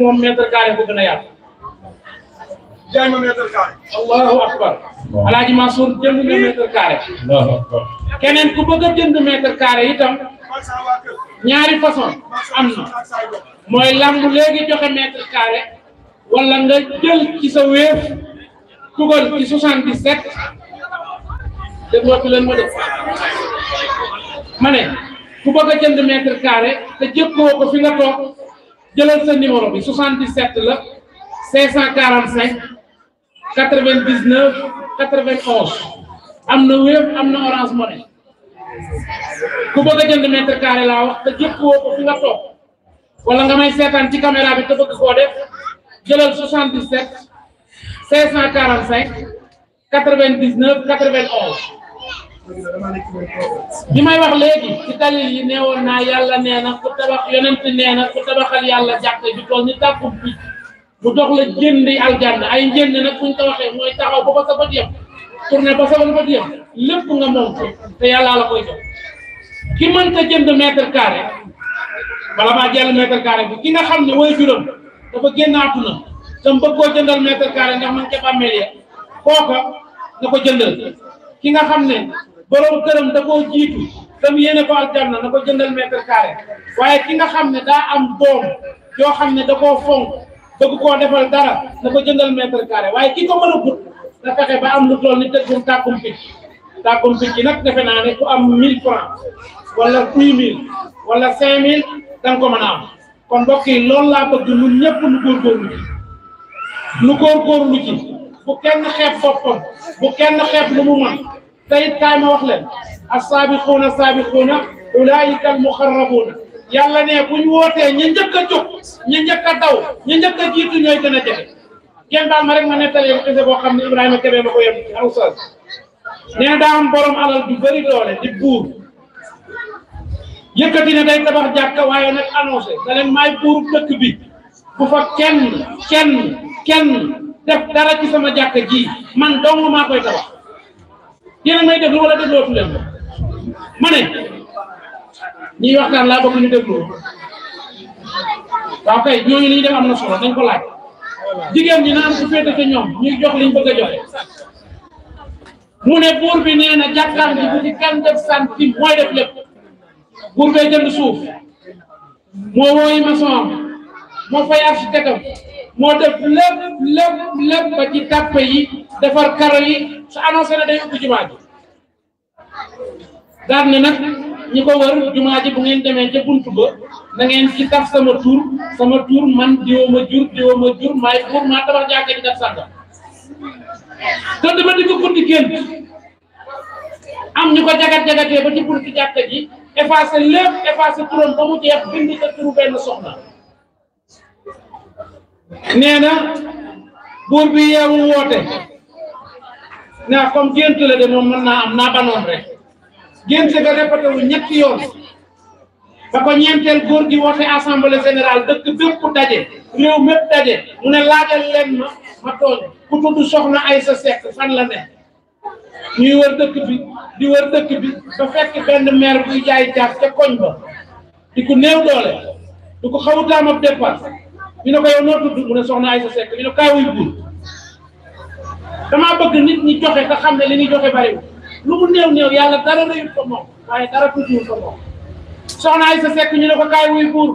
moom mètre carré bu gën a yaatu. jaay ma keneen ku bëgg a jënd mètre carré ñaari façon am mooy lamb léegi joxe mètre carré wala nga jël ci sa wéef dugal ci 77 dégg nga fi leen ma def ma ne ku bëgg fi nga toog. jëlal sa numéro bi 77 la 545 99 91 am na Wave am na Orange ku bëgg a jënd mètre carré laa wax te jëkkoo ko fi nga toog wala nga may seetaan ci caméra bi te bëgg koo def jëlal 77 545 99 91. li wax léegi ci dalil yi neewoon na yalla neena ko tabax yonent neena ko tabaxal yalla jakk ju tol ni takku bi mu dox la al aljanna ay jende nak buñ ko waxe moy taxaw bu ko sa bët yem tourné ba sa bët yem lepp nga mom ko te yalla la koy jox ki ta jende mètre carré bala ma jël mètre carré bi ki nga xamne way juroom dafa gennatu na te bëggo jëndal mètre carré ndax man ci bàmmeel ya kooka ko jëndal ki nga xamne borom këram da koo jiitu dam yéene ko aljanna na ko jëndal mètre carré waaye ki nga xam ne daa am doom yoo xam ne da koo fonk bëgg koo defal dara na ko jëndal mètre carré waaye ki ko mën a gut na fexe ba am lu toll ni tëggum tàkkum picc tàkkum picc nag defe naa ne ku am 1000 francs wala 8000 wala 5000 da nga ko mën am kon mbokk yi loolu laa bëgg ñun ñëpp nu góorgóorlu ci nu góorgóorlu ci bu kenn xeeb boppam bu kenn xeeb lu mu mën tey it kaay ma wax leen assaabiquuna assaabiquuna ulaayika almuqarrabuuna yàlla ne bu ñu wootee ñu njëkk a jóg ñu njëkk a daw ñu njëkk a jiitu ñooy gën a jafe kenn baal ma rek ma nettali yow xise boo xam ne Ibrahima Kébé ma ko yem al na daa am borom alal du bëri doole di buur yëkkati ne day tabax jàkka waaye nag annoncé da leen maay buur dëkk bi bu fa kenn kenn kenn def dara ci sama jàkka ji man dong maa koy tabax. yéen may déglu wala déglootu leen ko ma ne ñiy waxtaan laa bëgg ñu dégloo waaw kay ñooñu li ñu def am na solo dañ ko laaj jigéen ñi naan su féete ca ñoom ñuy jox liñ bëgg a mu ne buur bi nee na jàkkaar ji bu ci quinze centime mooy def lépp buur bee jënd suuf moo wooyi maçon am moo fay architecte am moo def lépp lépp lépp ba ci tàppe defar karo su annoncé na day ubbi jumaaji ji ne nak ñi ko wër jumaaji bu ngeen démé ci buntu ba na ngeen ci taf sama tour sama tour man diwoma jur diwoma jur may pour ma tabar jàkka ji def sanga tëdd dama di ko guddi kenn am ñuko jagat jagatee ba ci buntu jàkka ji effacer lepp effacer turam ba mu jeex bind ca turu ben soxna neena bur bi yewu wote naa comme gént la de moom mën naa am naa banoon rek gént ga répété wu ñetti yoon ba ko ñeenteel góor gi woote assemblée générale dëkk bépp daje réew mépp daje mu ne laajal leen ma ma tooñ ku tudd soxna Aysa Seck fan la ne ñuy wër dëkk bi di wër dëkk bi ba fekk benn maire buy jaay jaaf ca koñ ba di ko néew doole di ko xaw a taam ab départ ñu ne ko yow noo tudd mu ne soxna Aysa Seck ñu ne kaay wuy buur damaa bëgg nit ñi joxe nga xam ne li ñuy joxe bariwul lu mu néew néew yàlla dara rëyut ko moom waaye dara tuutiwul ko moom soxna ay sa sekk ñu ne ko kaay wuy buur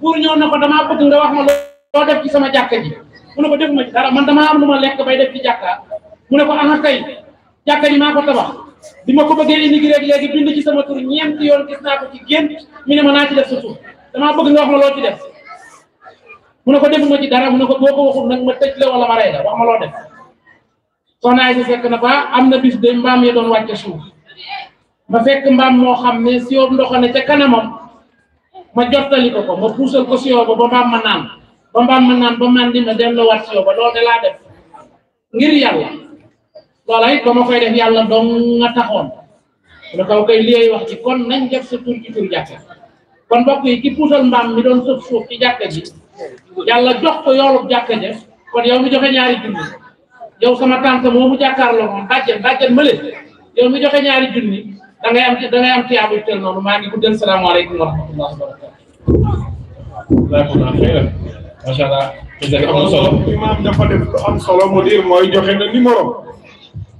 buur ñëw na ko damaa bëgg nga wax ma loo def ci sama jàkka ji mu ne ko dara man damaa am lu ma lekk bay def ci jàkka mu ne ko ana kay jàkka ji maa ko tabax bi ko bëggee indi rek léegi bind ci sama tur ñeenti yoon gis naa ko ci gént ma naa ci def sa tur damaa bëgg nga wax ma loo ci def mu ne ko defuma ci dara mu ne ko boo ko waxul nag ma tëj la wala ma rey la wax ma loo def soxna Ayda fekk na fa am na bis de mbaam ya doon wàcce suuf ma fekk mbaam moo xam ne siyoob ndox ne ca kanamam ma jottali ko ko ma puusal ko siyoo ba ba mbaam ma naan ba mbaam ma naan ba man di ma delloo waat siyoo ba loolu laa def ngir yàlla loola it ba ma koy def yàlla dong a taxoon lu kaw koy liy wax ci kon nañ def sa tur ci tur jàkka kon mbokk yi ki puusal mbaam mi doon sëf suuf ci jàkka ji yàlla jox ko yoolub jàkka def kon yow mi joxe ñaari junni yow sama tante moomu jàkkaarloo moom bàjjen bàjjen ma leen yow mi joxe ñaari junni da ngay am da ngay am tiyaab yu tel noonu maa ngi guddal salaamaaleykum wa rahmatullahi wa barakatuh. macha allah. dafa am solo. imaam dafa def lu am solo mu diir mooy joxe na numéro.